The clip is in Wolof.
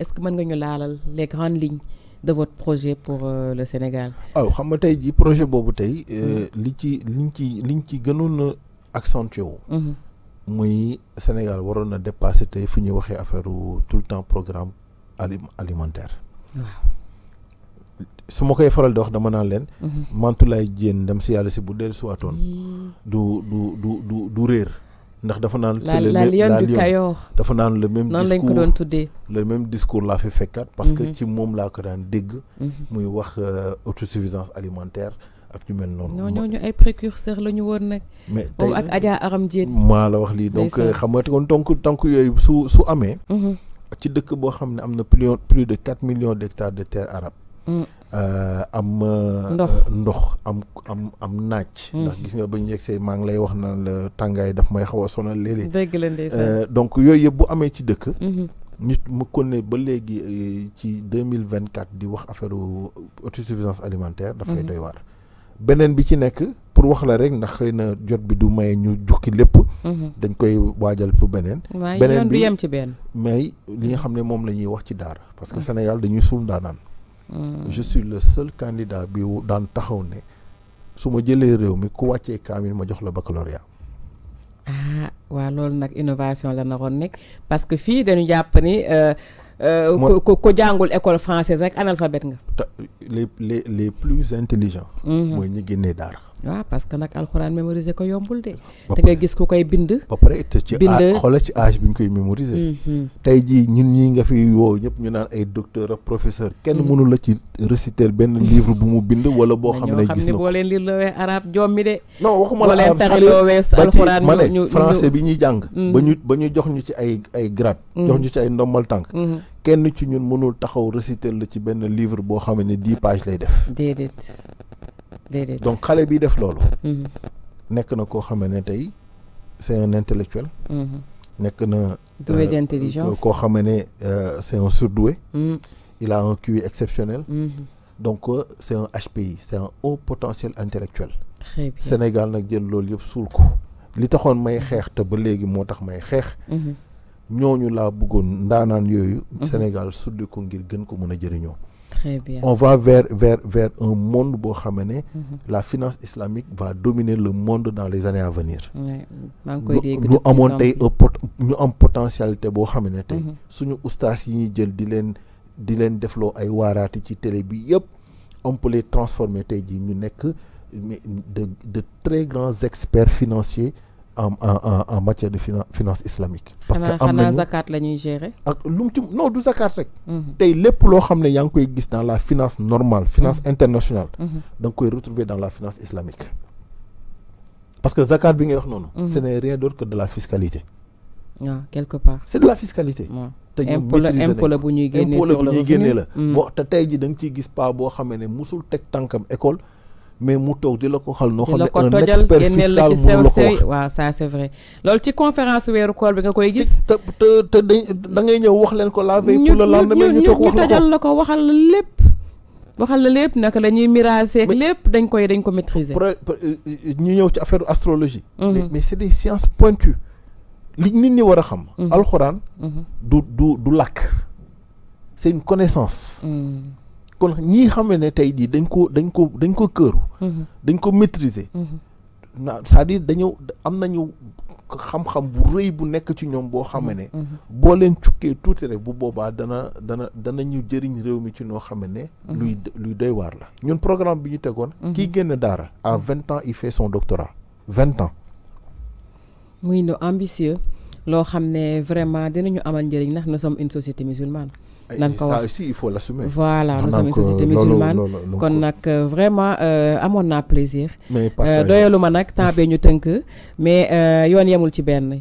Est-ce que mën nga les grandes lignes de votre projet pour euh, le Sénégal Ah, xam nga tey ji projet boobu tey euh, mm-hmm. li ci liñ ci liñ ci gënoon a accentué wu mm-hmm. muy Sénégal waroon na dépassé tey fu ñuy waxee affaire tout le temps programme ali alimentaire waaw su ma koy faral di wax dama naan leen mm-hmm. Mantoulaye Diène dem si yàlla si bu dellu siwaatoon du du du du du réer ndax dafa naan la le du Kayor dafa naan le même noonu lañ ko tuddee le même discours laa fi fekkaat parce que mhm. ci moom laa ko daan dégg mhm. muy wax euh, autosuffisance alimentaire ak ñu mel noonu non ñooñu ay précurseurs la ñu woon nag mais moom ak Adja Aram Diène maa la wax lii donc xam nga kon donc tànk yooyu su su amee mhm. ci dëkk boo xam ne am na plus plus de 4 millions d' hectares de terre arabe. Mm. Euh, am. Euh, ndox euh, ndox am am am naaj. Hmm. ndax gis nga ba ñu yegsee maa ngi lay wax naan la tàngaay daf may xaw a sonal léeg-léeg. dëgg donc yooyu yëpp bu amee ci dëkk. Mhm. nit mu kon ba léegi ci deux mille vingt quatre di wax affaire autosuffisance alimentaire. dafay mhm. doy waar. beneen bi ci nekk pour wax la rek ndax xëy na jot bi du maye ñu jukki lépp. Mhm. dañ koy waajal pour beneen. beneen bi yem ci benn. mais li nga xam ne moom la ñuy wax ci daar parce que Sénégal dañuy suul daanaan. Hmm. je suis le seul candidat bi dans taxawne ne su ma réew mi ku wàccee kamil ma jox la baccalauréat. ah wa lol nak innovation la naroon nek parce que fi dañu japp ni. euh ko euh, jangul école française rek analphabète nga. les les les plus intelligents. moy hmm. ñi génnee daara. waaw parce que nag alxuraan mémoriser ko yombul de. te nga gis ku koy bind. ba pare te ci xoolal ci bi ñu koy mémoriser. Mm-hmm. tey jii ñun ñi nga fi woo ñëpp ñu naan ay docteur ak professeur. kenn mm. mënu la ci réciter benn livre bu mu bind wala boo xam ne. gis na ko boo leen lire loowee arab jommi de. non waxuma la arab sax alxuraan ñu ñu ñu ñuy jàng. Mm. ba ñu ba ñu jox ñu ci ay ay grade. Mm. jox ñu ci ay ndommal tànk. Mm-hmm. kenn ci ñun mënul taxaw réciter la ci benn livre boo xam ne dix pages lay def. donc xale bi def loolu mhm. nekk na koo xamee ne tey c'est un intellectuel mhm. nekk na doué euh, d'intelligence koo xamee ne euh, c'est un surdoué mhm. il a un QI exceptionnel donc euh, c'est un HPI c'est un haut potentiel intellectuel très bien Sénégal nag jël loolu yëpp suul ko li taxoon may xeex te ba léegi moo tax may xeex ñooñu laa bëggoon ndaanaan yooyu Sénégal suddi ko ngir gën ko mën a jëriñoo on va vers, vers, vers un monde où mhm. la finance islamique va dominer le monde dans les années à venir. Nous avons une potentialité pour Si nous avons di leen defloo ay waaraati télé on peut les transformer Nous ji ñu de de très grands experts financiers en, matière de finance, islamique. parce que am zakat la non zakat rek. Mhm. dans la finance normale finance mhm. internationale. Mhm. Donc, koy dans la finance islamique. parce que zakat ce n'est rien d'autre que de la fiscalité. Ah, quelque part. c'est de la fiscalité. sur le école mais mu toog di la ko xal noo xam ne un expert fiscal mënu la ko wax waaw ça c'est vrai loolu ci conférence weeru koor bi nga koy gis te te te da ngay ñëw wax leen ko la veille pour le lendemain ñu toog wax la ko ñu tajal la ko waxal la lépp waxal la lépp naka la ñuy miraasee lépp dañ koy dañ ko maîtriser euh, euh, ñu ñëw ci affaire astrologie mhm. mais c'est des sciences pointues li nit ñi war a xam mhm. alxuraan mhm. du du du làkk c'est une connaissance kon ñi xam ne tey jii dañ ko dañ ko dañ ko këru. Mhm. dañ ko maîtriser. Mhm. na c'est-à-dire dañu am nañu xam-xam bu reuy bu nek ci ñom bo xam ne. Mhm. boo leen ciuké tout rek bu boba dana dana dana ñu jëriñ réew mi ci no xam ne. luy luy doy war la. ñun programme bi ñu tegoon. ki génn dara à 20 ans il fait son doctorat 20 ans. muy no ambitieux lo xamné vraiment dinañu amal njëriñ nak nous sommes une société musulmane ça aussi il faut l'assumer voilà nous sommes une société musulmane qu'on kon que euh, vraiment euh, amoon naa plaisir euh, doyalu ma nag temps bee ñu tënk mais yoon yemul ci benn